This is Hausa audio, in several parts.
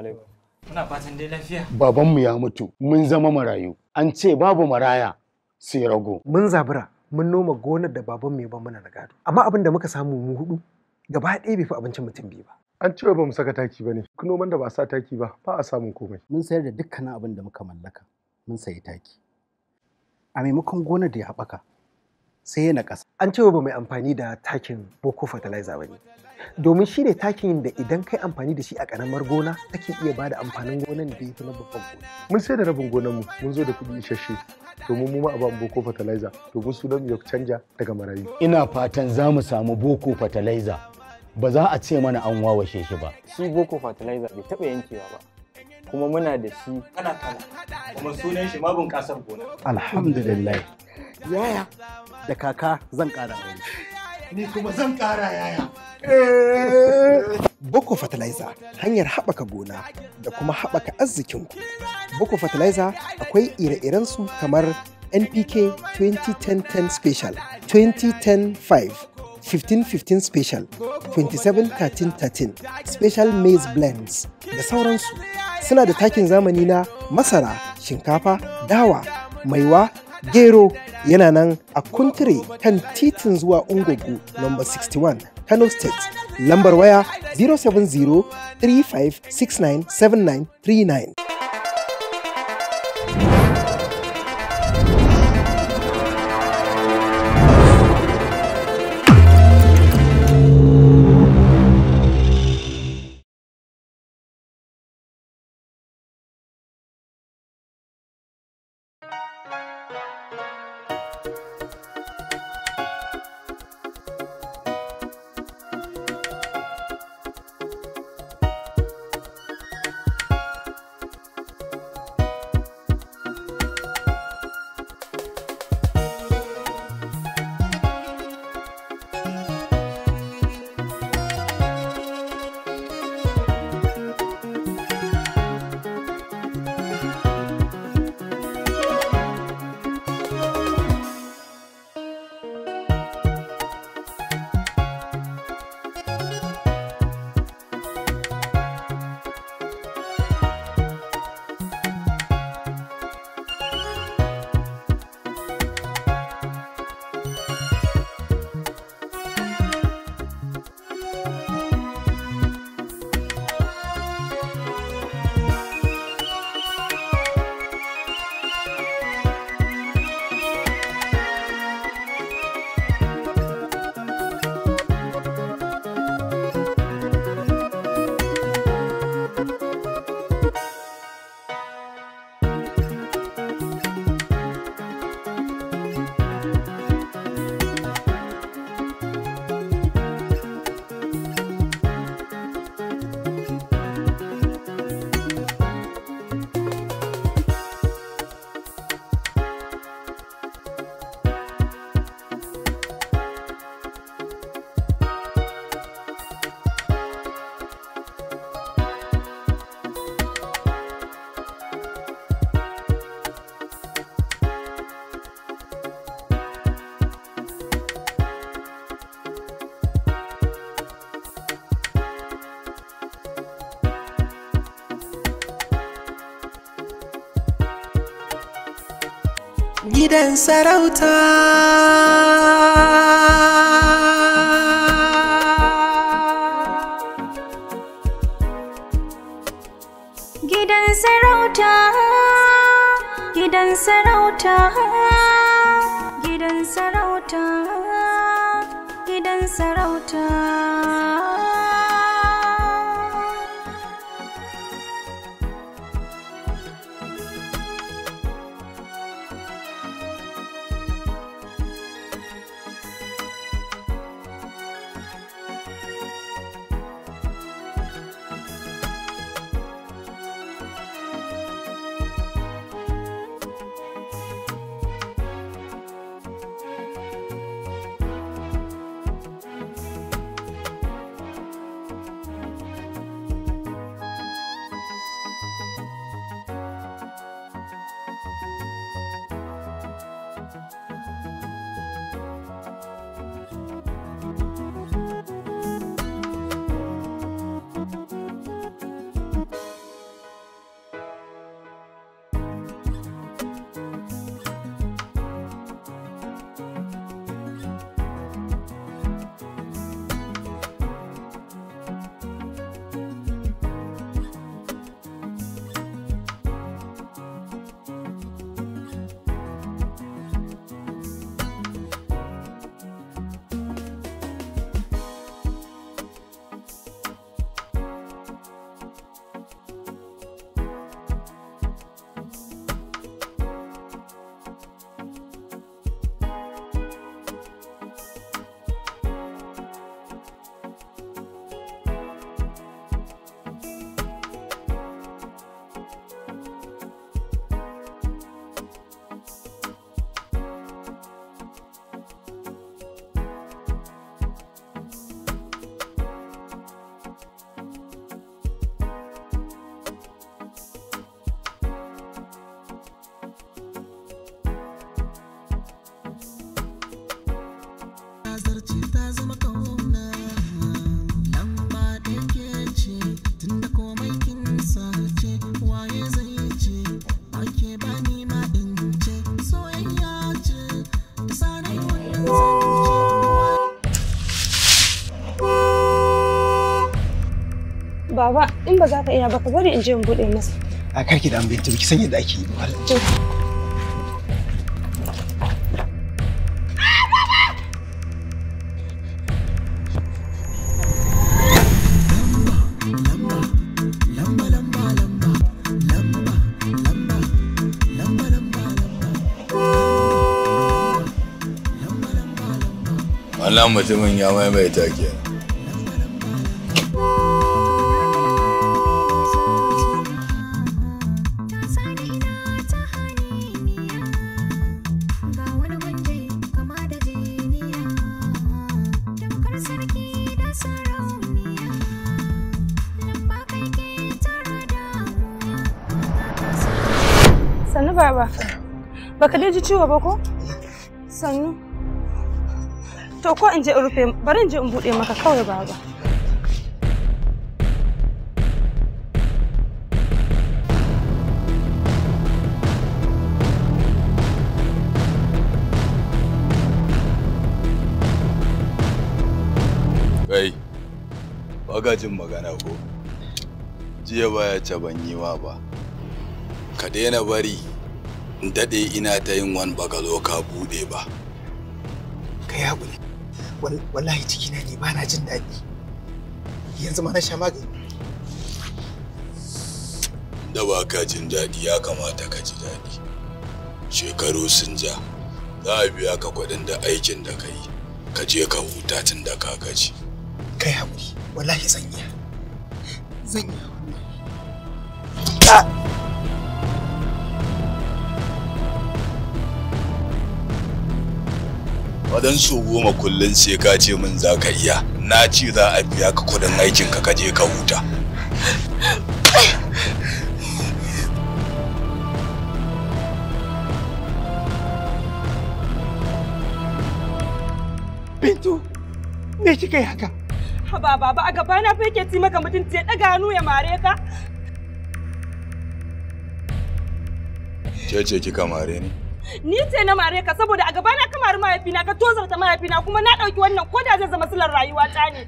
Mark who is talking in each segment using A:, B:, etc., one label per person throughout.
A: alaikum. Muna fatan dai lafiya.
B: Babanmu ya mutu, mun zama marayu. An ce babu
C: maraya sai rago.
B: Mun zabura, mun noma gonar da babanmu ya ba mana da gado. Amma abin da
C: muka samu mu hudu, gaba ɗaya bai fi abincin mutum biyu ba. An ce ba mu saka taki ba ne, noman da ba sa taki ba, ba a samun komai. Mun sayar da dukkanin abin da muka mallaka, mun sayi taki.
B: A maimakon gonar da ya haɓaka, sai ya na ƙasa. An ce ba mai amfani da takin boko fertilizer ba ne. domin shi ne takin da idan kai amfani da shi a karamar gona ake iya bada amfanin gonan da ya fi na babban gona. Mun sai da rabin gonan mu mun zo da kuɗi isasshe
D: domin mu ma a ba boko fertilizer domin sunan yau canja daga marayu.
C: Ina fatan za mu samu boko fertilizer ba za a ce mana an wawashe shi ba.
E: Shi boko fertilizer bai taɓa yankewa ba. kuma muna da shi kana kana kuma sunan shi mabin kasar gona
C: alhamdulillah yaya da kaka zan kara aure ni kuma zan ƙara yaya.
B: Eh. Boko Fertilizer hanyar haɓaka gona da kuma haɓaka arzikinku. Boko Fertilizer akwai ire-irensu kamar NPK 2010-10 Special, 2010-5, 15-15 Special, 27-13-13, Special Maize Blends da sauransu. Suna da takin zamani na masara, shinkafa, dawa, maiwa gero yana nan a kuntire kan titin zuwa ungogu No. 61 kano state lambar waya 070 3569 7939
F: set out time.
G: zaka ka iya ba ka bari in je in buɗe masa.
B: A karki da ambiyanta ki san yadda ake yi ba.
H: wannan mutumin ya maimaita kenan
G: ji ciwo ba ko? Sannu. To ko in je in rufe bari in je in buɗe maka kawai baba.
H: Kai, ba jin magana ko? Jiya baya ce ban yi ma ba. Ka daina bari daɗe ina ta yin wani bagalo ka buɗe ba.
B: Ka yi haƙuri, wallahi cikina ne ba na jin daɗi. Yanzu ma na sha magani.
H: Da ba ka jin daɗi ya kamata ka ji daɗi. Shekaru sun ja, za a biya ka kuɗin da aikin da ka yi, ka je ka huta tun da ka gaji.
B: Ka yi haƙuri, wallahi zan yi Zan iya
H: waɗansu goma kullum sai ka ce min za ka iya na ce za a biya ka kudin aikin ka kaje ka huta
C: Bintu, me kika yi haka? Haba baba a gaba na fake ci maka mutum ce daga hannu ya mare ka.
H: ce ce kika mare ni?
C: ni
G: ce na mare ka saboda a gabana ka mari mahaifina ka tozarta mahaifina kuma na ɗauki wannan ko da zai zama silar rayuwa
I: ta ne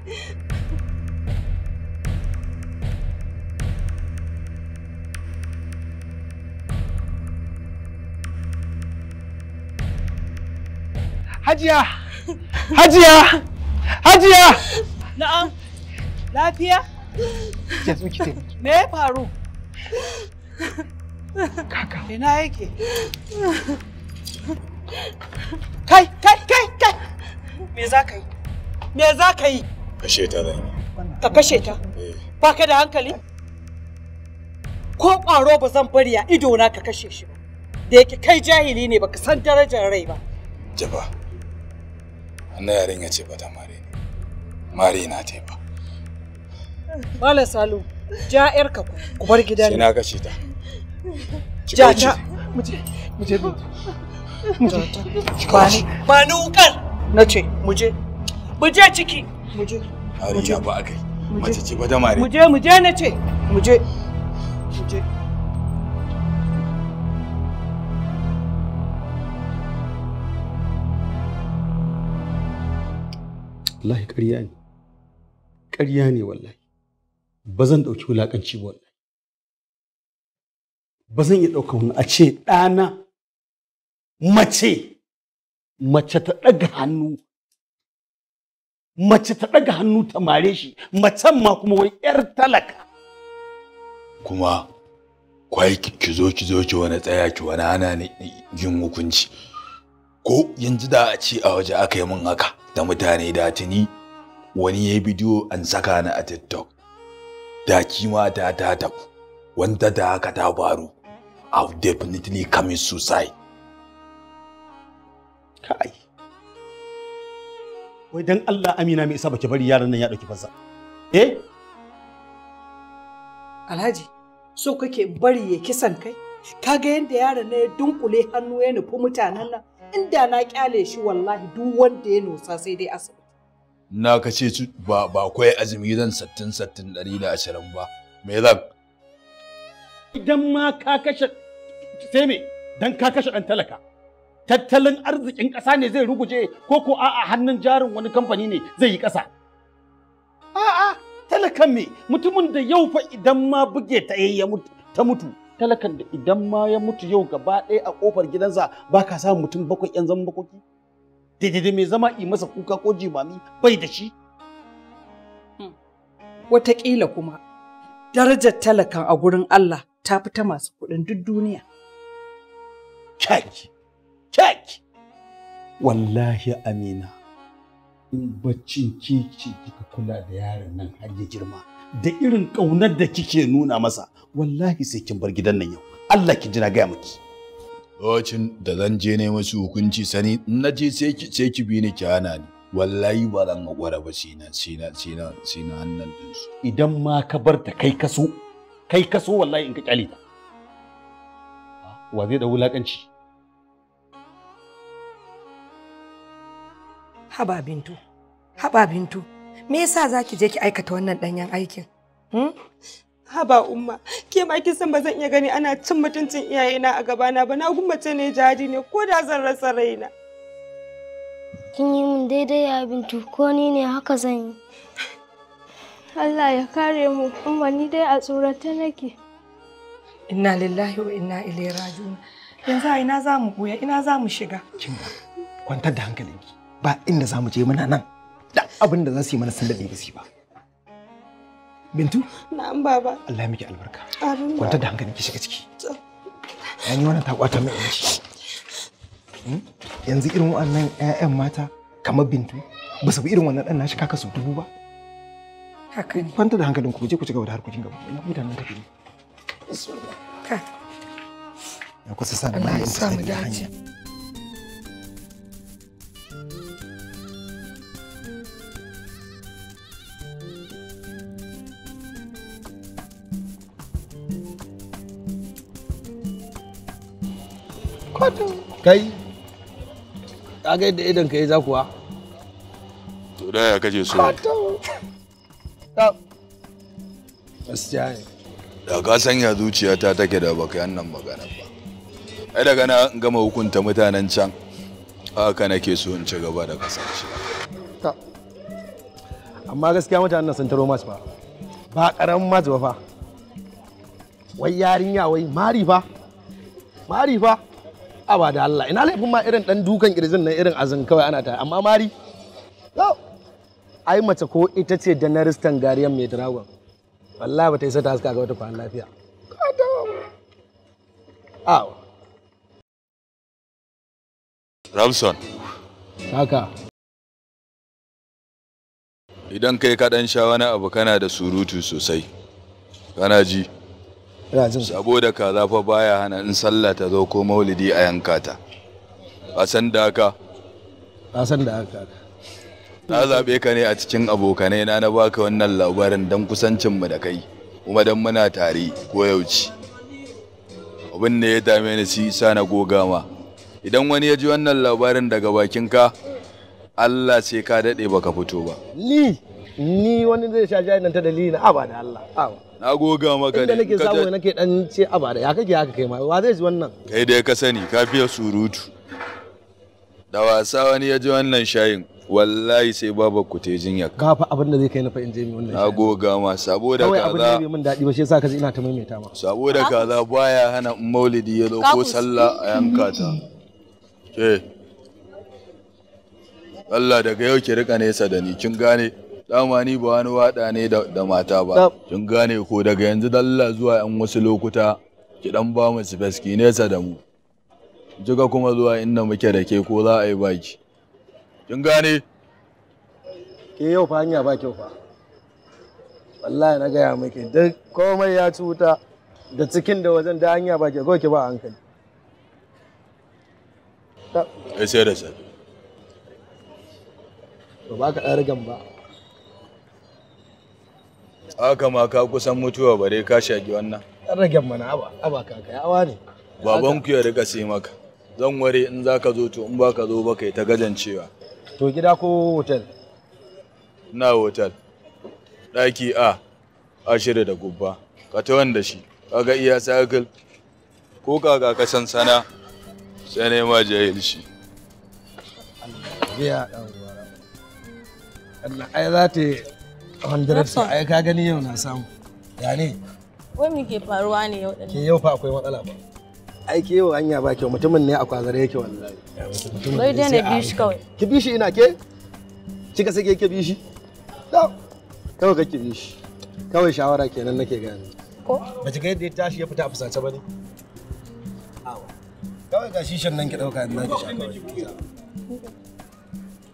C: Hajiya! Hajiya! Hajiya!
J: Na'am. Lafiya? Me ya faru? Kaka. Ina yake? Kai, kai, kai, kai. Me za ka yi? Me za ka yi?
H: Kashe ta zan
J: Ka kashe ta? Eh. Ba ka da hankali?
K: Ko ƙwaro ba zan bari a idona ka kashe shi ba. Da yake kai jahili ne baka san darajar rai ba.
H: Jaba, wannan yaren ya ce ba ta mare ne. Mare na ta ba.
J: Malam Salu, ja ka ku bar gidan. Sai na kashe ta. Ja ta. Muje, muje. ba ni wukan na ce muje muje ciki muje
H: ariya ba akai mace ce ba da mare muje
J: muje na ce muje
H: muje
C: wallahi ƙarya ne ƙarya ne wallahi ba zan ɗauki wulaƙanci ba wallahi ba zan iya ɗauka wani a ce ɗana mace mace ta ɗaga hannu mace ta ɗaga hannu ta mare shi macen ma kuma wai 'yar talaka
H: kuma kwai ki zo ki zo ki wani tsaya ki wani ana ne yin hukunci ko yanzu da a ce a waje aka yi min haka da mutane da tuni wani ya yi bidiyo an saka ni a tiktok da kima ta ta wanda da haka ta faru i've definitely commit suicide
C: kai wai dan Allah Amina mai isa baki bari yaran nan ya dauki fasa eh
J: Alhaji so kake bari ya kisan kai kaga yadda yaran na ya dunkule hannu ya nufi mutanen nan inda na kyale shi wallahi duk wanda ya nosa sai dai asibiti
H: na kace ba ba kai azumi zan sattin sattin dari da ashirin ba me zan
C: idan ma ka kashe sai me dan ka kashe dan talaka tattalin arzikin ƙasa ne zai ruguje ko ko a'a hannun jarin wani kamfani ne zai yi ƙasa a'a talakan me mutumin da yau fa idan ma buge ta ya mutu ta mutu talakan da idan ma ya mutu yau gaba ɗaya a ƙofar gidansa ba ka samu mutum bakwai yan zama bakoki daidai mai zama i masa kuka ko jimami bai da shi
F: hmm.
J: wataƙila kuma darajar talakan a gurin Allah ta fi ta masu kuɗin duk duniya. Kyaki. kek
C: wallahi amina in baccin kiki kika kula da yaron nan har ya girma da irin ƙaunar da kike nuna masa
H: wallahi sai kin bar gidan nan yau Allah ki jira gaya miki lokacin da zan je ne masu hukunci sani na je sai ki sai ki bi ni ki hana ni wallahi ba zan hakura ba shi na sai na hannun dinsu idan ma ka bar ta kai kaso kai kaso
C: wallahi in ka kyale ta wa zai da wulakanci
J: haba bintu haba bintu me yasa zaki je ki aikata wannan danyen aikin hmm? haba umma ke
C: ma kin san ba zan iya gani ana cin mutuncin iyayena a gabana ba na gummace ne jadi ne ko da zan rasa raina
G: kin yi min daidai ya bintu ko ni ne haka zan yi Allah ya kare mu umma ni dai a tsorata nake
J: inna lillahi wa inna ilaihi raji'un yanzu a ina za mu buya ina za mu shiga kin
B: kwantar da hankalinki ba inda za mu je muna nan da abin da za su yi mana sun daɗe gasi ba bintu na'am baba Allah ya miki albarka amin kwanta da hankali ki shiga ciki ya ni wannan ta kwata mai yanci hmm? yanzu irin wannan ƴaƴan mata kamar bintu ba su bi irin wannan ɗan nashi kaka su dubu ba haka ne kwanta da hankalin ku je ku ci gaba da harkokin gaba ina mu da nan tafi ka ya kusa sa da mai sa mu dace
C: kai
D: ka ga yadda idan ka yi za kuwa
H: to da ya kaje so da ka sanya zuciyata take da baka yi nan magana ba ai daga na gama hukunta mutanen can haka nake so in ci gaba da kasance
D: amma gaskiya mutanen nan sun taro masu ba ba karamin masu ba fa wai yarinya wai mari fa mari fa aba da Allah ina laifin ma irin dan dukan kirjin nan irin azin kawai ana ta amma mari ai mace ko ita ce da naristan gariyan mai dragon wallahi ba ta isa ta haska ga wata kwan lafiya
C: aw Ramson haka
H: idan kai ka dan sha wani abu kana da surutu sosai kana ji ina saboda ka fa baya hana in sallah ta zo ko maulidi a yanka ta a san da haka
D: a san da haka
H: na zabe ka ne a cikin abokanai na na baka wannan labarin dan kusancin mu da kai kuma dan muna tare ko yauci abin da ya dame ni shi sa na goga ma idan wani ya ji wannan labarin daga bakin ka Allah sai ka daɗe baka fito ba
D: ni ni wani zai sha jayi nan ta dalili na aba da Allah aba
H: na goga maka ne nake samu
D: nake dan ce a bara ya kake haka kai ma wa zai ji wannan
H: kai dai ka sani ka fiye surutu da wasa wani ya ji wannan shayin wallahi sai baba ku te jinya ka
D: fa abin da zai kai na fa in je mi wannan
H: na goga ma saboda kaza kawai abin da
D: min dadi ba shi yasa kaji ina ta maimaita ma
H: saboda kaza baya hana maulidi ya ko sallah a yanka ta ke Allah daga yau ki rika nesa da ni kin gane dama ni ba wani wada ne da mata ba kin gane ko daga yanzu dalla zuwa yan wasu lokuta ki dan ba mu space nesa da mu jiga kuma zuwa inda muke da ke ko za a yi baki kin gane
D: ke yau fa hanya ba kyau fa wallahi na gaya muke duk komai ya cuta da cikin da wajen da hanya ba ke ki ba hankali sai da sai ba ka ɗan rigan ba
H: Aka ma ka kusan mutuwa bare ka shaki wannan.
D: dan rage mana aba, aba kaka, awa ne.
H: Babanku ya rika sai maka. Zan ware in za ka zo to in ba ka zo ba kai ta gajancewa.
D: To gida ko hotel?
H: Na hotel. Daki A, ashirin da gubba. Ka ta wanda shi, kaga iya cycle Ko kaga ka san sana, sai ne ma jahil shi.
D: Allah ya ɗan Allah ai za ta 100 ka gani yau na samu ya ne
G: wai me ke faruwa ne yau ke yau
D: fa akwai matsala ba ai ke yau hanya ba kyau mutumin ne a kwazare yake wallahi bai dai ne bishi kawai ki bishi ina ke kika sake ke bishi kawai kake bishi kawai shawara kenan nake gani ko ba ki ga yadda ya tashi ya fita a fusace ba ne kawai ga shishin nan ki dauka in na ki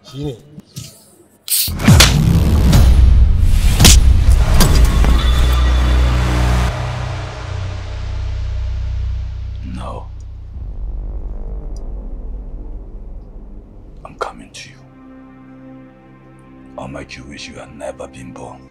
D: Shi ne.
H: now. I'm coming to you. All my Jewish, you had never been born.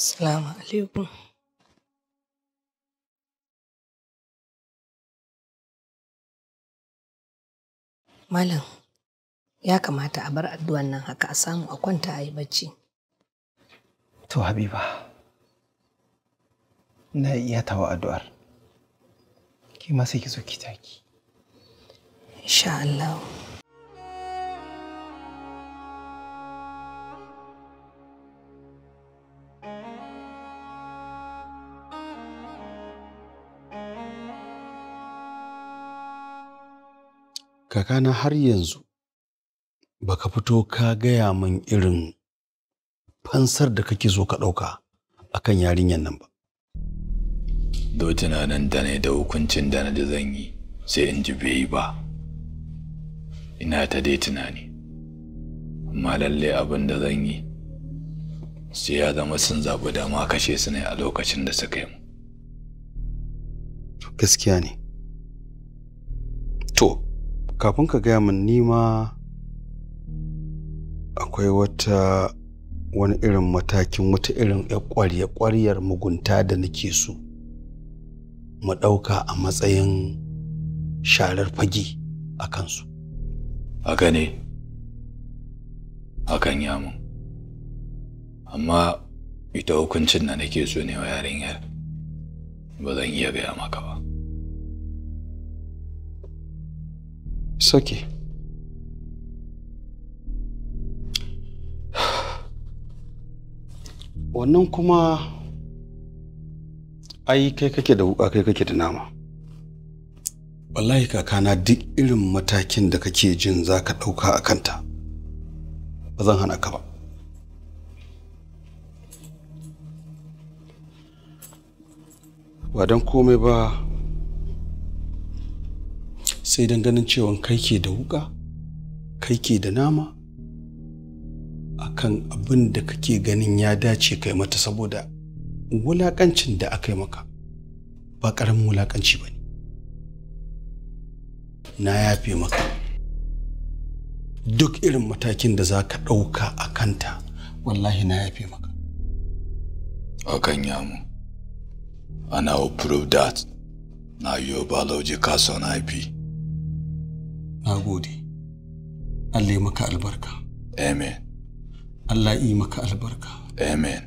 F: Salamu alaikum. Malam, ya kamata a bar addu'an nan haka a samu a kwanta a yi bacci.
B: To, Habiba, na iya tawa addu'ar. Ki ma sai ki zo ki taki. Insha Allah.
C: kakana har yanzu baka fito ka gaya min irin fansar da kake so ka ɗauka akan yarinyar nan ba.
H: Do tunanin da ne da hukuncin da na da zan yi sai in ji bai ba. Ina ta dai tunani. Amma lalle abin da zan yi sai ya zama sun zaɓi dama kashe su ne a lokacin da suka yi mu.
C: Gaskiya ne. kafin ka gaya min nima akwai wata wani irin matakin wata irin ƙwarya kwaryar mugunta da nake so mu ɗauka a matsayin sharar fage a kansu.
H: Haka ne, hakan ya mun Amma ita hukuncin da nake so ne wa yarinyar ba zan iya gaya maka ba.
L: It's okay.
C: Wannan kuma ai kai kake da wuka kai kake da nama. Wallahi kakana duk irin matakin da kake jin za ka ɗauka a kanta. Ba zan hana ka ba. Ba don komai ba sai don ganin cewa kai ke da wuka kai ke da nama akan abin da kake ganin ya dace kai mata saboda wulakancin da aka yi maka ba ƙaramin wulakanci ba ne na yafe maka duk irin matakin da za ka ɗauka a kanta wallahi na yafe maka
H: hakan ya mu ana that na your biological son ip. Na gode.
C: Allah yi maka albarka. Amen. Allah yi maka albarka. Amen.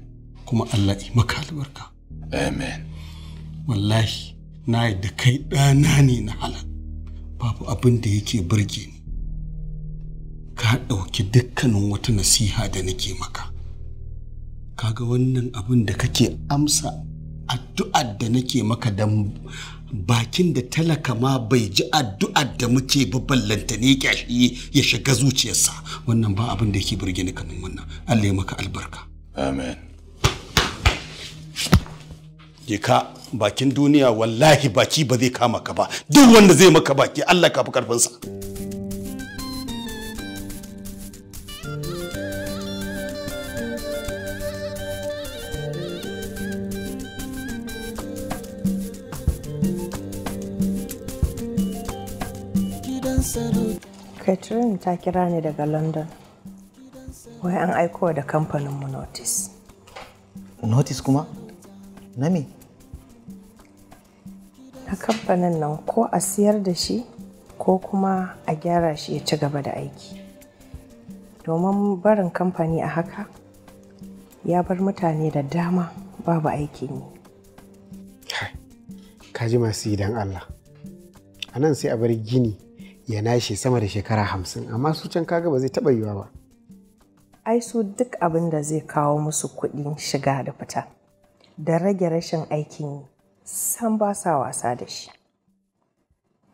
C: Kuma Allah yi maka albarka. Amen. Wallahi na yadda kai ɗana ne na halal. Babu abin da yake burge ni. Ka ɗauki dukkanin wata nasiha da nake maka. ka ga wannan abin da kake amsa addu'ar da nake maka don bakin da talaka ma bai ji addu'ar da muke baballanta ne kyashi ya shiga zuciyarsa wannan ba abin da yake burge ni kamar wannan Allah ya maka albarka amen ka bakin duniya wallahi baki ba zai kama ka ba duk wanda zai maka baki Allah ka fi karfinsa
J: catherine ta kira ni daga london wai an aiko da kamfaninmu notice
L: notice kuma na me
J: na kamfanin nan ko a siyar da shi ko kuma a gyara shi ya ci gaba da aiki domin barin kamfani a haka ya bar mutane da dama babu aikin yi
M: kaji masu idan allah a nan sai a bar gini ya nashi sama da shekara hamsin amma su can kaga ba zai taɓa yiwa ba
J: ai su duk abin da zai kawo musu kuɗin shiga da fita da rage rashin aikin yi san ba sa wasa da shi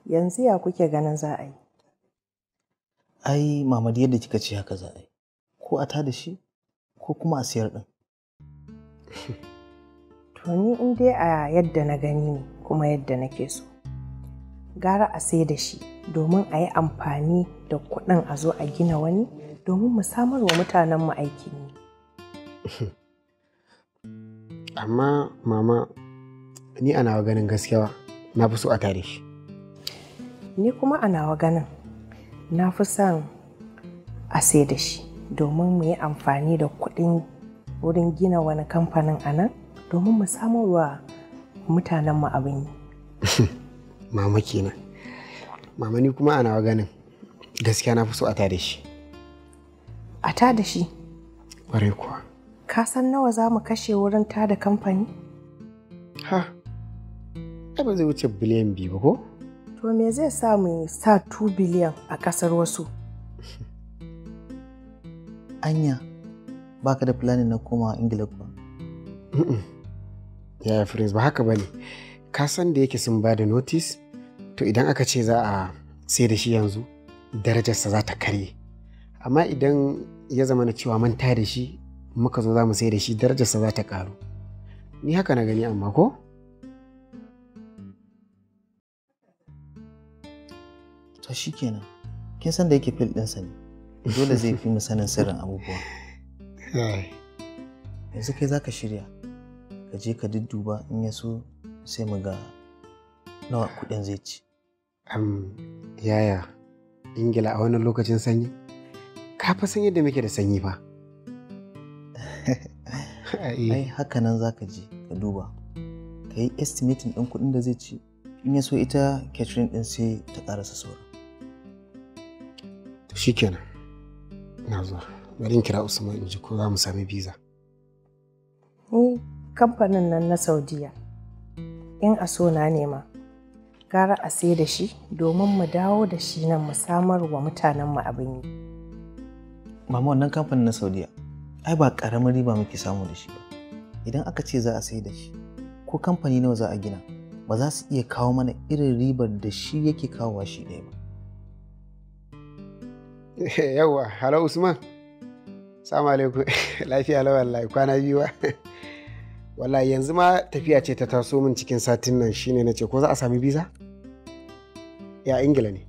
J: yanzu ya kuke ganin za a yi
L: ai mamad yadda kika ce haka za a yi ko a ta da shi ko kuma a siyar ɗin
J: to in dai a yadda na gani ne kuma yadda nake so gara a sai da shi domin a yi amfani da kuɗin a zo a gina wani domin mu samar wa mutanenmu aikin yi.
M: Amma mama ni a nawa ganin gaskiya na fi so a tare shi.
J: Ni kuma a nawa ganin na fi son a sai da shi domin mu yi amfani da kuɗin wurin gina wani kamfanin a nan domin mu samar wa mutanenmu abin yi.
M: mama kenan. mamani kuma ana wa ganin gaskiya na fi so a ta da shi
J: a ta da shi ƙwarai kuwa ka san nawa za mu kashe wurin ta da kamfani ha ai
M: ba
L: zai wuce biliyan biyu ba ko
J: to me zai sa mu sa 2 biliyan a ƙasar wasu
L: anya ba ka da planin na koma ingila kuwa yaya prince ba haka ba ne ka san da
M: yake sun ba da notice to idan aka ce za a sai da shi yanzu darajarsa za ta karye amma idan ya zama na cewa manta da shi muka zo za mu sai da shi darajarsa za ta karu ni haka na gani amma ko
L: to shi kenan kin san da yake fil ɗinsa ne dole zai fi mu sanin sirrin abubuwa yanzu kai za ka shirya ka je ka dudduba in ya so sai mu ga nawa kuɗin zai ci Um, yaya, Ingila a wannan lokacin sanyi? Ka fa san yadda muke da sanyi fa. Ai, haka nan za ka je ka duba. Ka yi estimating ɗin kuɗin da zai ci. In ya so ita Catherine ɗin sai ta ƙarasa sauran. To shi kenan. Ina zo Bari in kira Usman in ji ko za mu sami visa.
J: Ni kamfanin nan na Saudiya. In a so na nema. gara a sai da shi domin mu dawo da shi nan mu samar wa mutanen mu abin yi.
L: Mama wannan kamfanin na Saudiya, ai ba ƙaramin riba muke samu da shi ba. Idan aka ce za a sai da shi, ko kamfani nawa za a gina, ba za su iya kawo mana irin ribar da shi yake wa shi ɗaya ba.
M: Yawwa, halau Usman. Salamu alaikum, lafiya lawan kwana biyu ba. wala yanzu ma tafiya ce ta taso min cikin satin nan shine na ce ko za a sami biza ya ingila ne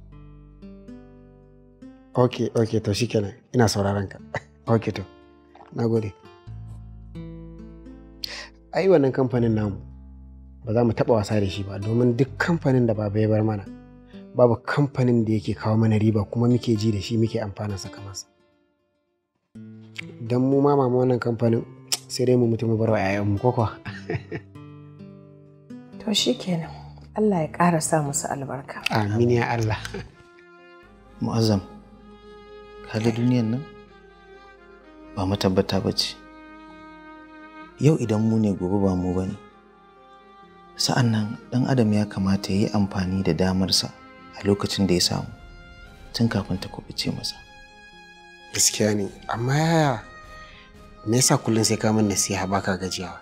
M: ok ok to shi kenan ina sauraron ka ok to na gode ai wannan kamfanin namu ba za mu taɓa wasa da shi ba domin duk kamfanin da baba ya bar mana babu kamfanin da yake kawo mana riba kuma muke ji da shi muke amfana sa kamar don mu ma mama wannan kamfanin sai dai mu mutu mu bar wa 'ya'yanmu ko kuwa
J: to shikenan Allah ya ƙara sa musu albarka
L: amin ya Allah mu'azzam kaga duniyan nan ba mu tabbata ba ce yau idan mu ne gobe ba mu ba ne sa'an nan ɗan adam ya kamata ya yi amfani da damarsa a lokacin da ya samu tun kafin ta kubuce masa gaskiya ne amma yaya me yasa kullum sai ka
M: min nasiha baka gajiyawa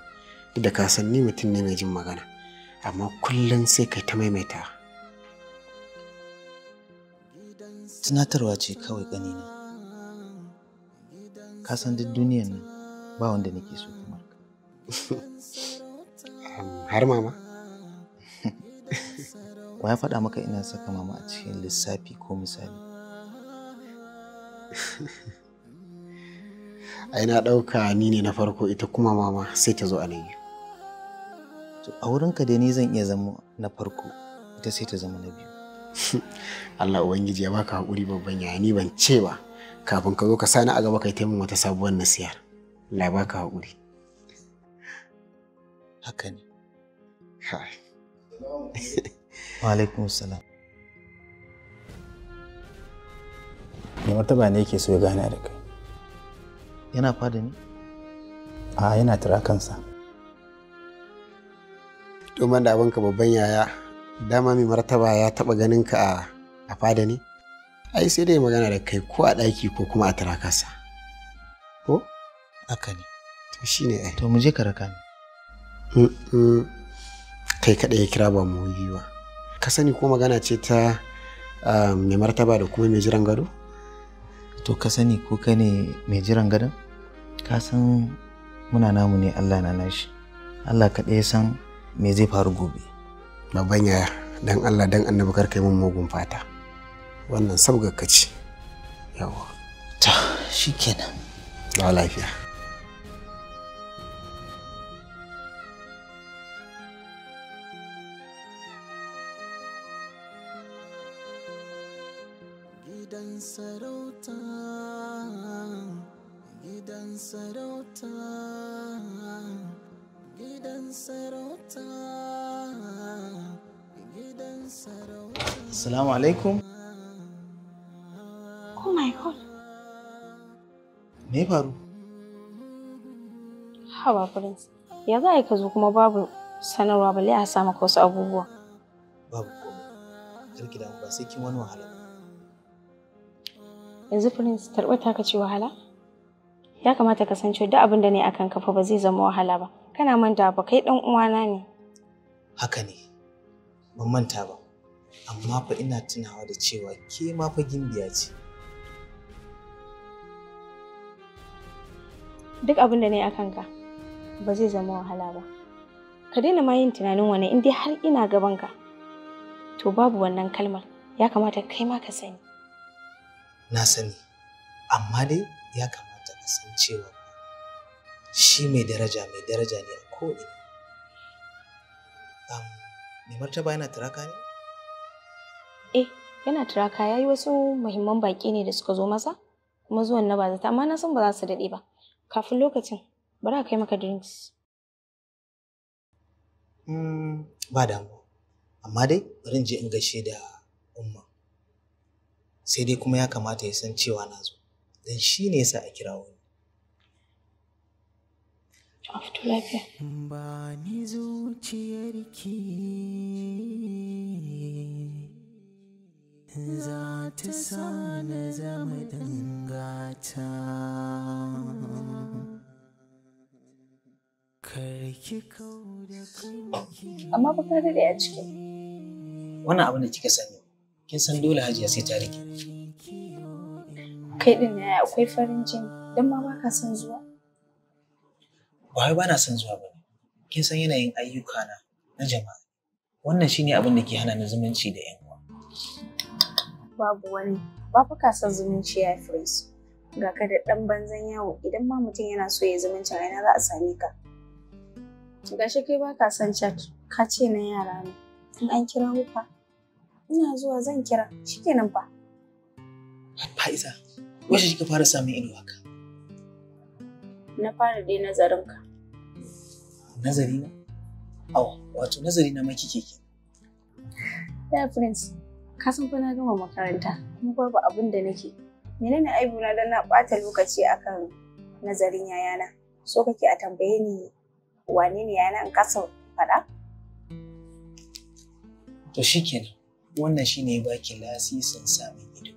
M: duk da ka san ni mutum ne mai jin magana amma kullum sai
L: kai ta maimaita tunatarwa ce kawai ganina ka san duk duniyan nan ba wanda nake so kamar ka har mama wa ya faɗa maka ina saka mama a cikin lissafi ko misali ai na ɗauka ni ne na farko ita kuma mama sai ta zo a nan to a wurinka da ni zan iya zama na farko ita sai ta zama na biyu Allah ubangiji ya baka hakuri babban yaya ni
M: ban ce ba kafin ka zo ka sani a gaba kai taimun wata sabuwar nasiyar Allah ya baka hakuri
L: haka ne wa alaikum salam mai martaba ne yake so ya gana da kai yana fada ne? a yana turakansa.
M: domin da abinka babban yaya dama mai martaba ya taba ganin ka a fada ne ai sai dai magana da kai ko a ɗaki ko kuma a turakansa
L: ko? haka ne to shi ne ai to mu je ka raka
M: kai kaɗai ya kira ba mu yi ba ka sani ko magana ce ta ah, mai martaba da kuma mai jiran gado?
L: to ka sani ko kai ne mai jiran gadon ka san muna namu ne Allah na nashi Allah kaɗai ya san me zai faru gobe babban
M: yaya dan Allah dan annabi kar kai mun mugun fata wannan sabga ka ci
F: yawa ta shikenan lafiya
L: Assalamu alaikum. Oh my god. Me faru?
G: Haba Prince, ya za ka zo kuma babu sanarwa balle a sa maka wasu abubuwa.
L: Babu komai. ki damu ba sai kin wani wahala.
G: Yanzu Prince tarɓa ta kace wahala? Ya kamata ka san cewa duk abin da ne akan kafa ba zai zama wahala ba. Kana manta ba kai dan uwana ne. Haka
L: ne. Ban manta ba. amma fa ina tunawa da cewa ke ma fa gimbiya ce
G: duk abin da na yi a kanka ba zai zama wahala ba ka daina ma yin tunanin wani in dai har ina gabanka to babu wannan kalmar ya kamata kai ma ka sani
L: na sani amma dai ya kamata ka san cewa shi mai daraja mai daraja ne a ko'ina um, mai martaba yana turaka ne
G: eh yana turaka ya yi wasu muhimman baki ne da suka zo masa kuma zuwan na ba zata amma na san ba za su daɗe ba kafin lokacin bari a kai maka drinks
F: hmm, ba da
L: amma dai bari je in gaishe da umma sai dai kuma ya kamata ya san cewa na zo shine shi ne yasa a kira wani. after lafiya ba ni zuciyarki za ta sa na zama dangata.
A: Amma ba ka daɗe a ciki.
L: Wannan abin da kika sani, kin san dole hajiya sai ta rike.
G: Kai ɗin yaya akwai farin jini, don ma ba ka son zuwa.
L: Ba wai ba na son zuwa ba ne. Kin san yanayin ayyukana na jama'a. Wannan shine abin da ke hana ni zumunci da 'yan
G: babu wani ba fa zumunci ya fi su ga ka da ɗan banzan yawo idan ma mutum yana so ya zumunci a yana za a same ka gashi kai ba ka son chat ka ce na yara ne in an kira wufa ina zuwa zan kira shikenan fa fa'iza
L: shi kika fara samun ido haka
G: na fara dai nazarin ka
L: nazari na awa wato nazari na maki keke
G: ya prince kasan fa na gama makaranta kuma babu abin da nake. Menene aibuna dan na ɓata lokaci akan nazarin yayana? So kake a tambaye ni wane ne yana in kasa faɗa?
L: To shikenan wannan shine ya baki lasisin samun ido.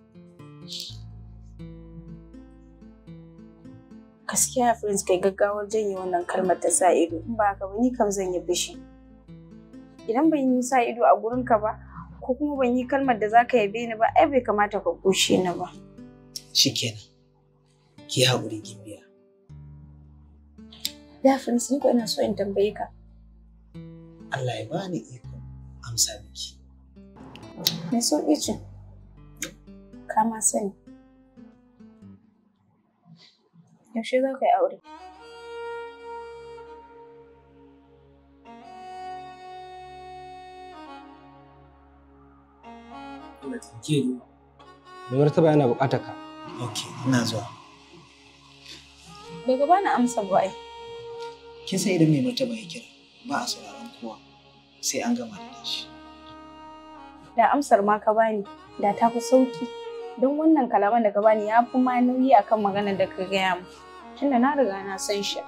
G: Gaskiya friends kai gaggawar janye wannan kalmar ta sa ido in ba ka ba kam zan yi bishi. Idan ban yi sa ido a gurinka ba ko kuma ban yi kalmar da zaka yabe ni ba ai bai kamata ka kushe ni ba shikenan ki haƙuri biya da fa ni ko ina so in tambaye ka
L: Allah ya bani iko amsa miki
G: me so ce ka ma sani yaushe za ka yi aure
A: Allah taimake ni.
B: Mai martaba yana buƙatar ka. Ok, ina zuwa.
G: Bai gaba na amsa ba ai.
L: Kin san idan mai martaba ya kira ba a sauraron kowa sai an gama da shi.
G: Da amsar ma ka bani da ta fi sauki don wannan kalaman da ka bani ya fi ma nauyi kan maganar da ka gaya mu. Tunda na riga na san shi.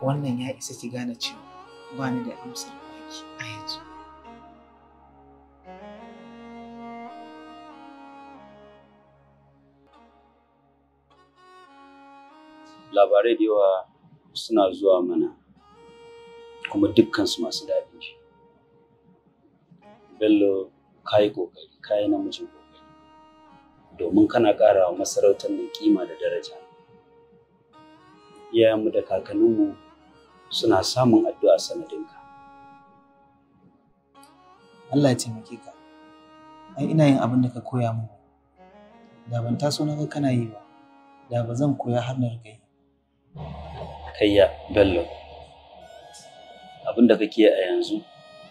L: Wannan ya isa ki gane cewa ba ni da amsar baki a yanzu.
A: labarai da yawa suna zuwa mana kuma dukkansu masu daɗi bello ka yi ƙoƙari ka yi namijin ƙoƙari domin kana ƙara wa masarautar nan kima da daraja iyayenmu da kakanninmu suna samun addu'a sanadinka
L: Allah ya taimake ka ai ina yin abin da ka koya mu da ban taso na ga kana yi ba da ba zan koya har na
A: kayya Bello abinda kake a yanzu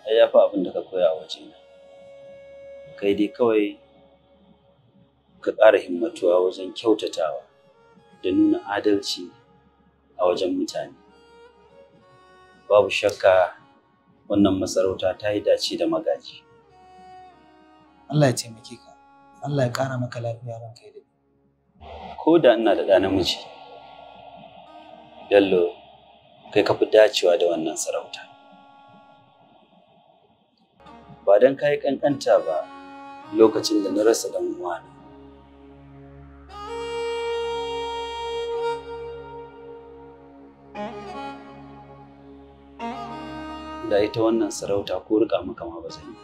A: ai ya fi ka koya a waje na kai dai kawai ka ƙara himmatuwa wajen kyautatawa da nuna adalci a wajen mutane babu shakka wannan masarauta ta yi dace da magaji Allah ya
L: taimake ka Allah ya ƙara maka lafiya ranka da
A: ko da ina da ɗa namiji Bello, kai ka fi dacewa da wannan sarauta. Ba don ka yi ƙanƙanta ba lokacin da na rasa dan uwana. Da ita wannan sarauta ko riƙa maka ma ba zan yi.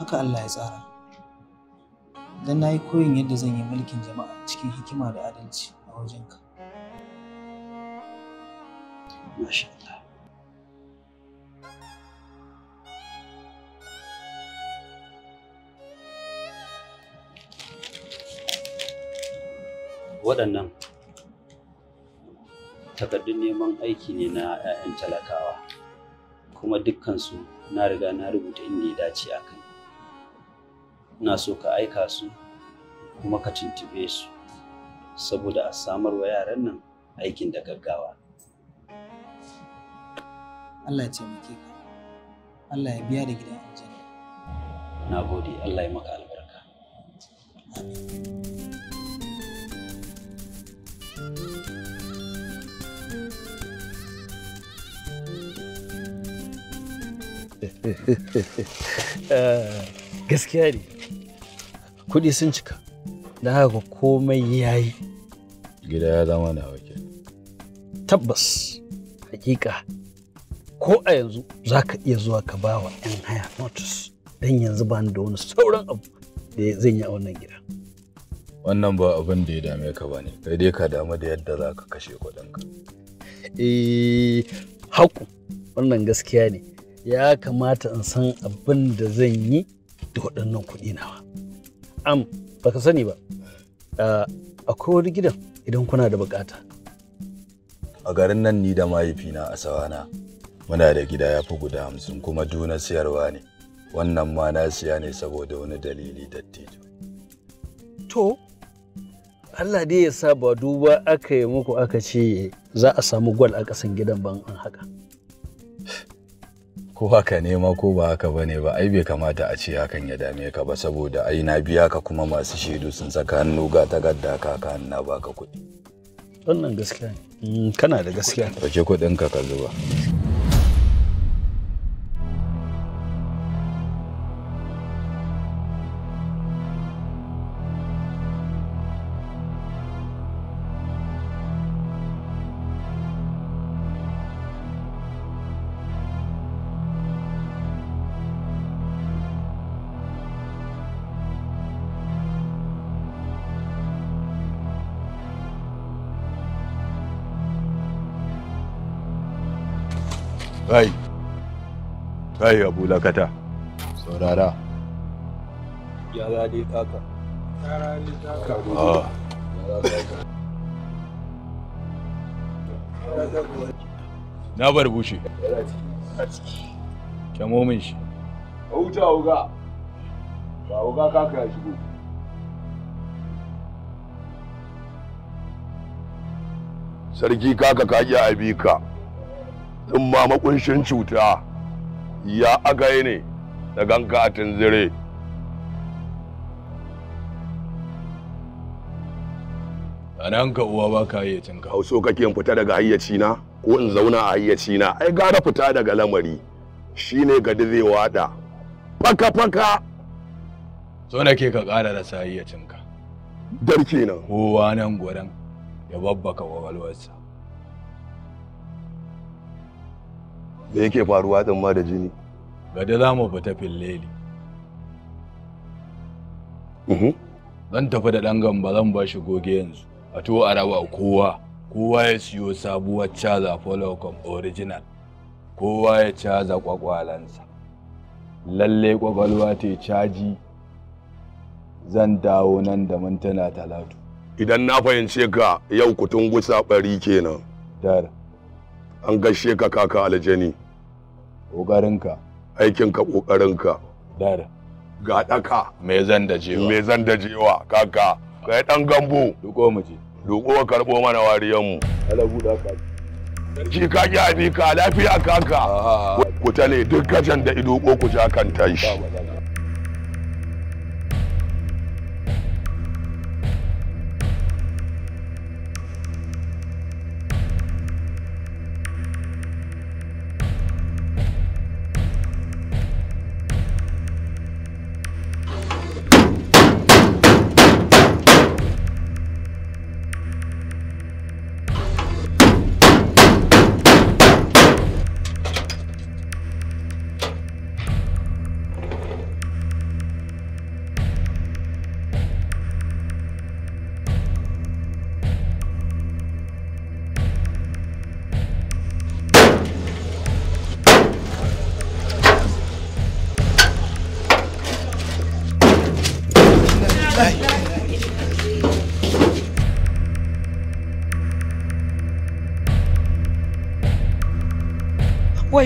L: haka Allah ya tsara. don na yi koyin yadda zan yi mulkin jama'a cikin hikima da adalci
F: a wajenka. Masha
A: Waɗannan takardun neman aiki ne na 'ya'yan talakawa kuma dukkansu na riga na rubuta inda ya dace a kan ina so ka aika su kuma ka tuntube su saboda a samar wa yaran nan aikin da gaggawa
L: Allah ya taimake ka Allah ya biya da gidan aljanna
A: na gode Allah ya maka albarka
C: eh, gaskiya ne kuɗi sun cika da haka komai ya yi
H: gida ya zama na wake
C: tabbas hakika ko a yanzu za ka iya zuwa ka ba wa 'yan haya notus don yanzu ba da wani sauran abu da zan yi a wannan gida
H: wannan ba abin da ya dame ka ba ne kai dai ka damu da yadda za ka kashe kuɗinka
D: eh haku wannan gaskiya ne
C: ya kamata in san abin da zan yi da waɗannan kuɗi nawa. am baka sani ba ah, akwai wani gidan idan kuna da bukata
H: a garin nan ni da mahaifina a sawana muna da gida yafi guda hamsin kuma duna siyarwa ne wannan ma na siya ne saboda wani dalili dattijo
C: to Allah dai ya sa ba duba aka yi muku aka ce za a samu gwal a ƙasan gidan ban an haka
H: ko haka ne ma ko ba haka ba ne ba ai bai kamata a ce hakan ya dame ka ba saboda ai na biya ka kuma masu shaidu sun saka hannu ga takarda ka ka na baka kuɗi
C: wannan gaskiya mm, kana da gaskiya
H: ɗauke kuɗin ka ka zuba kai kai abu lakata saurara ya rari kaka ya rari kaka ah. na bar bushe kyamo min shi a wuce a wuga ba wuga kaka ya shigo sarki kaka ka iya abi ka ɗin ma makunshin cuta ya aka ne da ganka a tunzire ka uwa ba ka hayyacinka hauso kake in fita daga hayyacina ko in zauna a hayyacina ai gara fita daga lamari shine gadi zai wada faka faka so nake ka ƙara rasa ka dar kenan kowa nan gwaran ya babbaka kwakwalwarsa da yake faruwa din ma da jini gadi za mu fita filleli mhm. zan tafi da ɗan gamba zan ba shi goge yanzu a to a raba kowa kowa ya siyo sabuwar caza follow original kowa ya caza kwakwalansa lalle kwakwalwa ta caji zan dawo nan da mintuna talatu idan na fahimce ka yau kutungusa gusa bari kenan an gashe ka kaka aljani Ƙoƙarinka. Aikinka ƙoƙarinka. Dar. Ga ɗaka. Me zan da jewa. Mai zan da jewa kaka. Kai ɗan gambo. Duko mu je. Duko karɓo mana wariyanmu. Ala buɗa ka. Sarki ka ji abi ka lafiya kaka. Ku tale duk gajan da ido ko ku ja kan tashi.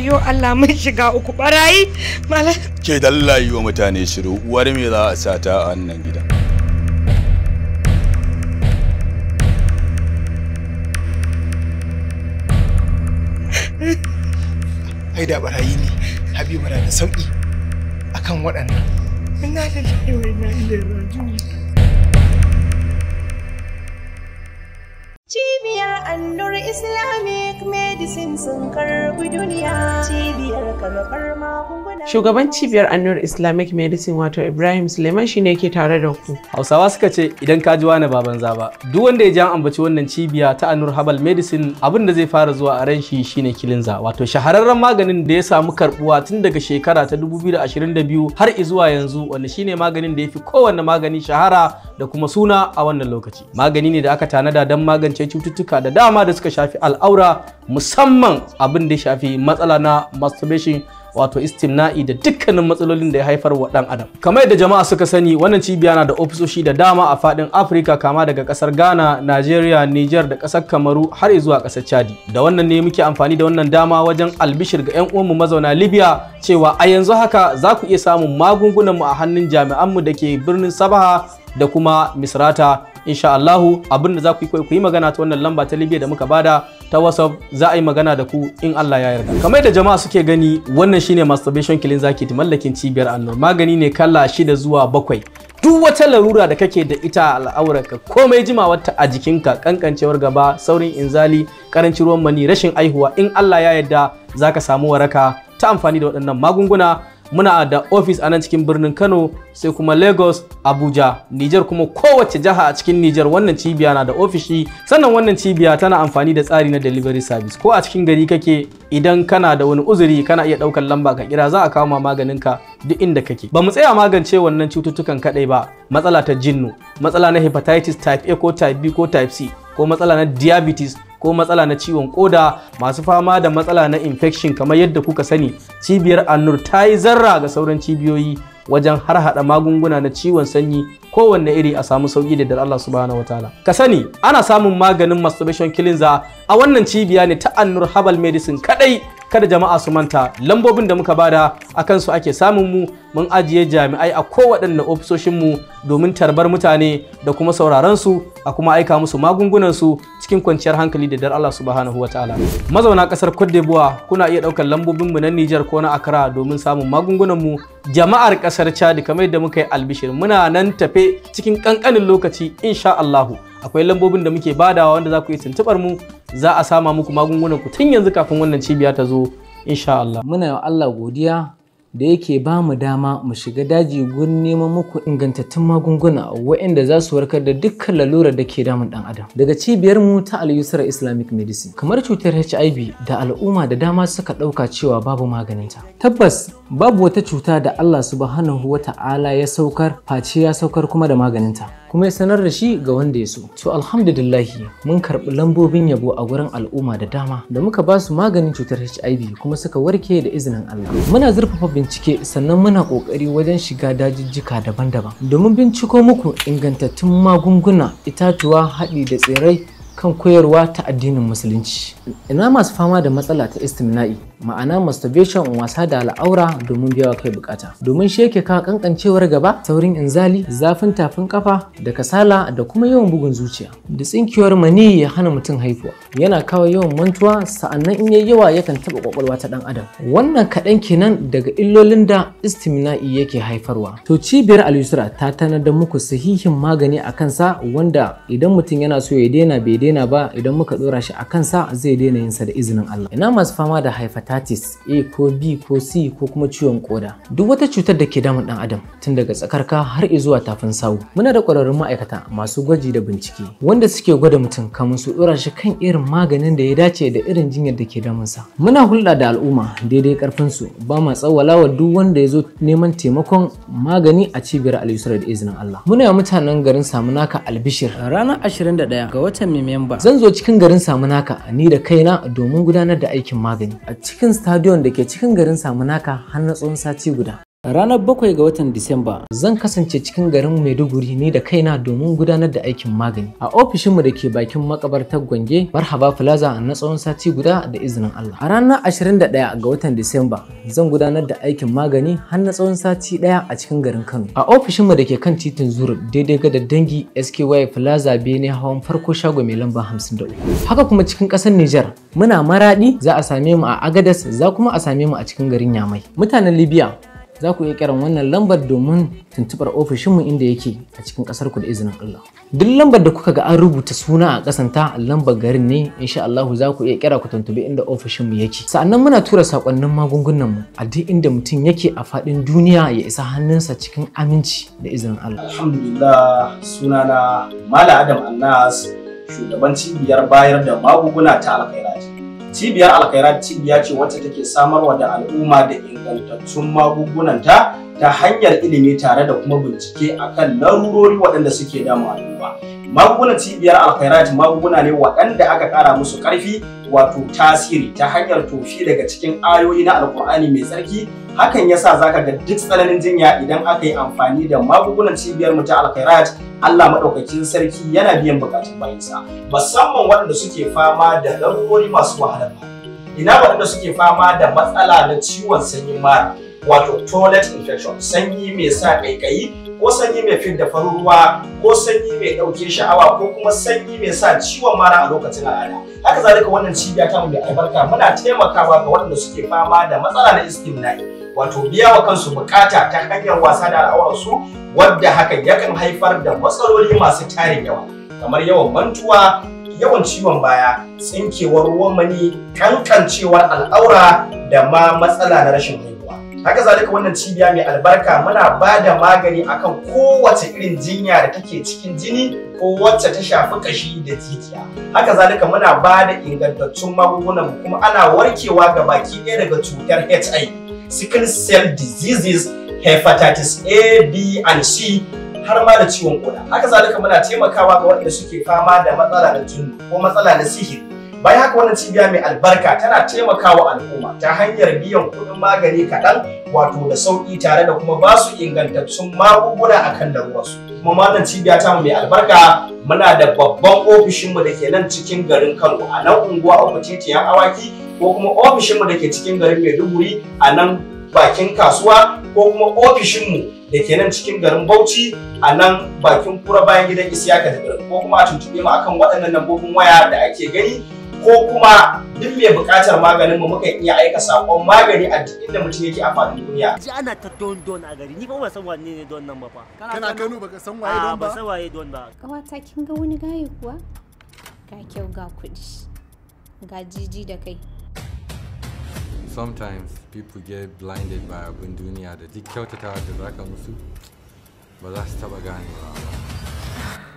J: yo Allah mun shiga uku barayi malam
H: ke dalla yi wa mutane shiru uwar me za a sata a wannan gidan
B: ai da barayi ne habibu na da sauki akan waɗannan
J: inna lillahi wa inna ilaihi raji'un Al'annur Islamic Medicine sun karbi duniya cibiyar karbar ma
K: Shugaban cibiyar Annur Islamic Medicine wato Ibrahim Suleiman shine ne ke tare da ku. Hausawa suka ce idan
E: ka ji wani baban zaba. Duk wanda ya ji an ambaci wannan cibiya ta Annur Herbal Medicine abin da zai fara zuwa a ran shi shine kilinza wato shahararren maganin da ya samu karbuwa tun daga shekara ta da biyu har zuwa yanzu wanda shine maganin da ya fi kowanne magani shahara da kuma suna a wannan lokaci. Magani ne da aka tanada don magance cututtuka da dama da suka shafi al'aura musamman abin da ya shafi matsala na masturbation wato istimna'i da dukkanin matsalolin da ya haifar wa ɗan adam kamar yadda jama'a suka sani wannan cibiya na da ofisoshi da dama a fadin afirka kama daga kasar ghana nigeria niger da kasar kamaru har zuwa kasar chadi da wannan ne muke amfani da wannan dama wajen albishir ga 'yan uwanmu mazauna libya cewa a yanzu haka za ku iya samun magungunan mu a hannun jami'an mu da ke birnin sabaha da kuma misrata insha Allahu abin da za ku yi ku yi magana ta wannan lamba ta Libya da muka bada ta WhatsApp za a yi magana da ku in Allah ya yarda kamar da jama'a suke gani wannan shine masturbation kilin zaki ta mallakin cibiyar annur magani ne kala shida zuwa bakwai duk wata larura da kake da ita a ka komai jimawarta a jikinka kankancewar gaba saurin inzali karancin ruwan mani rashin aihuwa in Allah ya yarda zaka samu waraka ta amfani da waɗannan magunguna muna da ofis a nan cikin birnin kano sai kuma lagos abuja Niger, kuma kowace jiha a cikin Niger. wannan cibiya na da ofishi sannan wannan cibiya tana amfani da tsari na delivery service ko a cikin gari kake idan kana da wani uzuri kana iya ɗaukar lamba ka kira za a kawo maganin maganinka duk inda kake ba mu tsaya magance wannan cututtukan kadai ba matsala ta jinnu matsala na hepatitis type a ko type b ko type c ko matsala na diabetes ko matsala na ciwon koda masu fama da matsala na infection kamar yadda kuka sani cibiyar annur ta yi zarra ga sauran cibiyoyi wajen har hada magunguna na ciwon sanyi kowanne iri a samu sauki da dar Allah subhanahu wataala ka sani ana samun maganin masturbation cleanser a wannan cibiya ne ta annur herbal medicine kadai kada jama'a su manta lambobin da muka bada a kansu ake samun mu mun ajiye jami'ai a kowaɗanne ofisoshin mu domin tarbar mutane da kuma sauraron su a kuma aika musu magungunan su cikin kwanciyar hankali da dar Allah subhanahu wataala mazauna kasar Cote d'Ivoire kuna iya ɗaukar lambobin mu na Niger ko na Accra domin samun magungunan mu jama'ar kasar Chad kamar yadda muka yi albishir muna nan tafe cikin kankanin lokaci insha Allahu akwai lambobin da muke badawa wanda za ku yi tuntubar mu za a sama muku magungunan ku
K: tun yanzu kafin wannan cibiya ta zo insha Allah muna Allah godiya da yake ba mu dama mu shiga daji gun neman muku ingantattun magunguna waɗanda za su warkar da dukkan lalurar da ke damun ɗan adam daga cibiyar mu ta al yusra Islamic Medicine kamar cutar HIV da al'umma da dama suka ɗauka cewa babu maganinta tabbas babu wata cuta da Allah subhanahu wata'ala ya saukar face ya saukar kuma da maganinta kuma ya sanar da shi ga wanda ya so. To alhamdulillahi mun karɓi lambobin yabo a gurin al'umma da dama da muka ba su maganin cutar HIV kuma suka warke da izinin Allah. Muna zurfafa bincike sannan muna ƙoƙari wajen shiga dajijjika daban-daban domin binciko muku ingantattun magunguna, itatuwa, haɗi da tsirai kan koyarwa ta addinin musulunci. Ina masu fama da matsala ta istimna'i ma'ana masturbation wasa da al'aura domin biyawa kai bukata. Domin sheke yake kankancewar gaba, saurin inzali, zafin tafin kafa da kasala da kuma yawan bugun zuciya. Da tsinkiyar mani ya hana mutum haifuwa. Yana kawo yawan mantuwa sa'annan in yayi yawa yakan taba kwakwalwa ta dan adam. Wannan kaɗan kenan daga illolin da istimna'i yake haifarwa. To cibiyar al ta tanar da muku sahihin magani a kansa wanda idan mutum yana so ya daina bai daina ba idan muka dora shi a kansa zai daina yin sa da izinin Allah ina masu fama da hepatitis A ko B ko C ko kuma ciwon koda duk wata cutar da ke damun dan adam tun daga tsakarka har zuwa tafin sawu muna da kwararrun ma'aikata masu gwaji da bincike wanda suke gwada mutum kamar su dora shi kan irin maganin da ya dace da irin jinyar da ke sa muna hulɗa da al'umma daidai karfin su ba ma tsawala duk wanda ya zo neman taimakon magani a cibiyar al da izinin Allah muna mutanen garin Samunaka Albishir ranar 21 ga watan zan zo cikin garin samunaka ni da kaina domin gudanar da aikin magani a cikin stadion da ke cikin garin samunaka har na tsawon sati guda Ranar bakwai ga watan Disamba zan kasance cikin garin Maiduguri ne da kaina domin gudanar da aikin magani. A ofishinmu da ke bakin makabartar Gwange, marhaba Plaza na tsawon sati guda da izinin Allah. A ranar 21 ga watan Disamba zan gudanar da aikin magani har na tsawon sati ɗaya a cikin garin Kano. A ofishinmu da ke kan titin Zuru daidai ga da dangi SKY Plaza Bene hawan farko shago mai lamba 53. Haka kuma cikin ƙasar Nijar muna maraɗi za a same mu a Agadez za kuma a same mu a cikin garin Yamai. Mutanen Libya za ku iya kiran wannan lambar domin tuntubar ofishinmu inda yake a cikin ƙasar ku da izinin Allah. Duk lambar da kuka ga an rubuta suna a ta lambar garin ne insha Allah za ku iya kira ku tuntubi inda ofishinmu yake. Sa'annan muna tura sakonnin magungunan mu a duk inda mutum yake a fadin duniya ya isa hannunsa cikin aminci da izinin Allah.
I: Alhamdulillah sunana Malam Adam Annas shugaban cibiyar bayar da magunguna ta alkhairaji. cibiyar alkhairat cibiya ce wacce take samarwa da al'umma da ingantattun magungunanta ta hanyar ilimi tare da kuma bincike akan larurori waɗanda suke damu al'umma magungunan cibiyar alkhairat magunguna ne waɗanda aka ƙara musu ƙarfi wato tasiri ta hanyar tofi daga cikin ayoyi na alkur'ani mai tsarki hakan yasa zaka ga duk tsananin jinya idan aka yi amfani da magungunan cibiyar mu ta alkhairat Allah madaukakin sarki yana biyan bukatun bayansa musamman waɗanda suke fama da larurori masu wahalar ina waɗanda suke fama da matsala na ciwon sanyin mara wato toilet infection sanyi mai sa ƙaiƙayi ko sanyi mai fidda faruwa ko sanyi mai ɗauke sha'awa ko kuma sanyi mai sa ciwon mara a lokacin al'ada haka zalika wannan cibiya ta mu da albarka muna taimakawa ga waɗanda suke fama da matsala na iskin nai wato biya wa kansu bukata ta hanyar wasa da al'aurarsu wadda haka yakan haifar da matsaloli masu tarin yawa kamar yawan mantuwa yawan ciwon baya tsinkewar ruwan mani kankancewar al'aura da ma matsala na rashin haihuwa haka zalika wannan cibiya mai albarka muna ba da magani akan kowace irin jinya da take cikin jini ko wacce ta shafi kashi da jijiya haka zalika muna ba da ingantattun magungunan kuma ana warkewa ga baki ɗaya daga cutar hiv sickle cell diseases, hepatitis A, B and C har ma da ciwon koda. Haka zalika muna taimakawa ga waɗanda suke fama da matsala na jini ko matsala na sihiri. Bayan haka wannan cibiya mai albarka tana taimakawa al'umma ta hanyar biyan kuɗin magani kaɗan wato da sauƙi tare da kuma ba su ingantaccen magunguna kan laruwarsu. Kuma wannan cibiya ta mai albarka muna da babban ofishinmu da ke nan cikin garin Kano a nan unguwa uku titiyan awaki ko kuma ofishinmu da ke cikin garin Maiduguri a nan bakin kasuwa ko kuma ofishinmu da ke nan cikin garin Bauchi a nan bakin kura bayan gidan isiya ka garin ko kuma a tuntuɓe mu akan waɗannan lambobin waya da ake gani ko kuma duk mai buƙatar maganin mu muka iya aika sakon magani a duk inda mutum yake a faɗin duniya.
C: Ji ana ta don don a gari ni ba san wanne ne don nan ba fa. Kana Kano baka san waye don ba? Ba san waye don ba. Kawata
G: kin ga wani gayi kuwa? Ga kyau ga kuɗi. Ga jiji da kai.
H: sometimes people get blinded by abin duniya da duk kyautatawa da za ka musu ba za su taba ganewa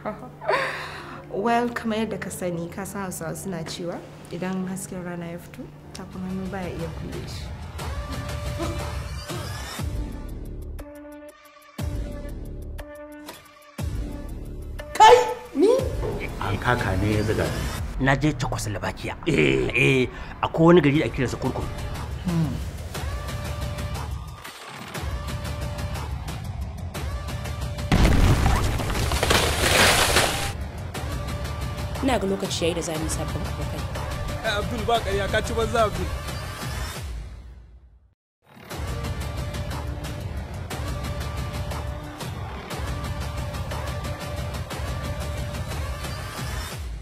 G: ba well kamar yadda ka sani ka san hausawa suna cewa idan hasken rana ya fito tafin hannu baya iya kulle shi
C: kai ni an kaka ne ya zaga. na je takwas labakiya. eh eh akwai wani gari da ake kiransa kurkuru.
G: ina ga lokaci yayi da za mu sabbin
C: abokai abdul ba ƙarya ka ci banza abdul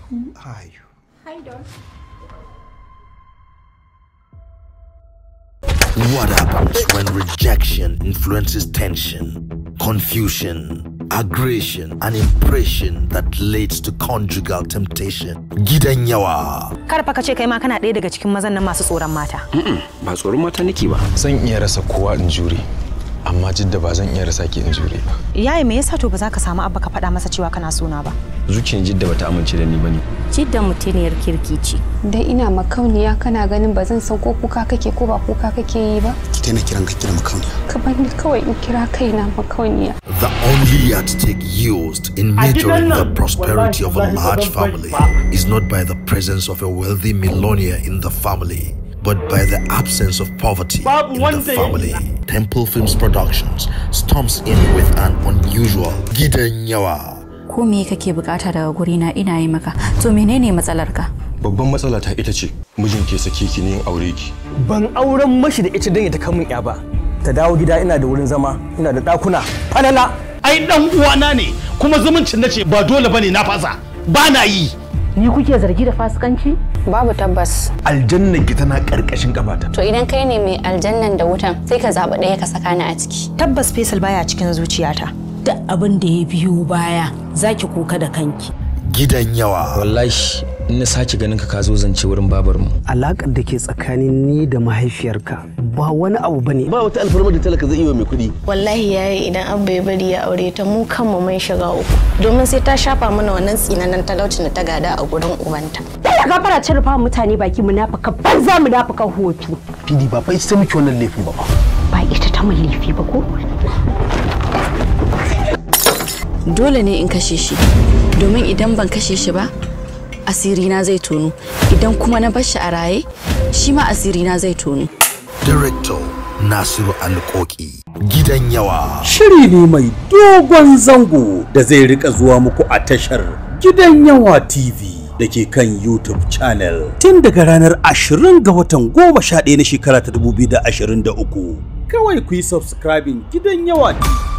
C: Who are you? Hi, Don. What happens when rejection influences tension, confusion, aggression, and impression that leads to conjugal temptation. Gidan yawa.
G: Kada fa ka ce kai ma kana ɗaya daga cikin mazan nan masu tsoron mata.
C: ba tsoron mata nake ba. Zan iya rasa kowa in jure. amma jidda ba zan iya rasa ki in jure ba.
G: Yaya me yasa to ba za ka samu abba ka faɗa masa cewa kana sona ba?
C: Zuciyar jidda bata amince da ni bane.
G: Jidda mutuniyar kirki ce. Da ina makauniya kana ganin ba zan san ko kuka kake ko ba kuka kake yi ba?
C: Ki taina kiran ka kira makauniya.
G: Ka bani kawai in kira kaina makauniya.
C: The only yardstick used in measuring the prosperity of a large family is not by the presence of a wealthy millionaire in the family, but by the absence of poverty Bob, in the family. Temple Films Productions storms in with an unusual gidan yawa.
A: Ko me kake bukata daga gurina ina yi maka? To menene matsalarka?
D: Babban matsala ta ita ce mijin ke sake
H: ki ne aure ki.
C: Ban auren mashi da ita dan ya ta kamun ya ba. ta dawo gida ina da wurin zama ina da ɗakuna falala ai dan uwana ne kuma zumuncin na ce ba dole bane na fasa ba na yi
B: ni kuke zargi da fasikanci babu tabbas aljannan ki tana karkashin gabata.
G: to idan kai ne mai aljannan da wutan sai ka zaba ɗaya ka saka ni a ciki tabbas fesal baya cikin zuciyata duk abin da ya biyo baya zaki kuka da kanki
I: gidan yawa wallahi in na sake ganin ka ka zo zance wurin babar mu alakar da
L: ke
C: tsakanin ni da mahaifiyarka ba wani abu ba ne. ba wata alfarma da talaka zai iya mai kuɗi
G: wallahi yi idan abba ya bari ya aure ta mu mu mai shiga uku domin sai ta shafa mana wannan tsinanan talaucin da ta gada a gurin ubanta ga fara ta rufa mutane baki mu mu nafa
B: munafika hofi fidi ba fa ita miki wannan laifi ba ba ita ta mun laifi ba ko
G: dole ne in kashe shi domin
I: idan ban kashe shi ba asirina zai tono idan kuma na bar shi a raye shi ma asirina zai tono.
C: director nasiru alkoki gidan yawa shiri ne mai dogon zango da zai rika zuwa muku a tashar gidan yawa tv da ke kan YouTube channel tun daga ranar 20 ga watan 11 na shekara ta 2023. Kawai ku yi subscribing gidan yawa TV.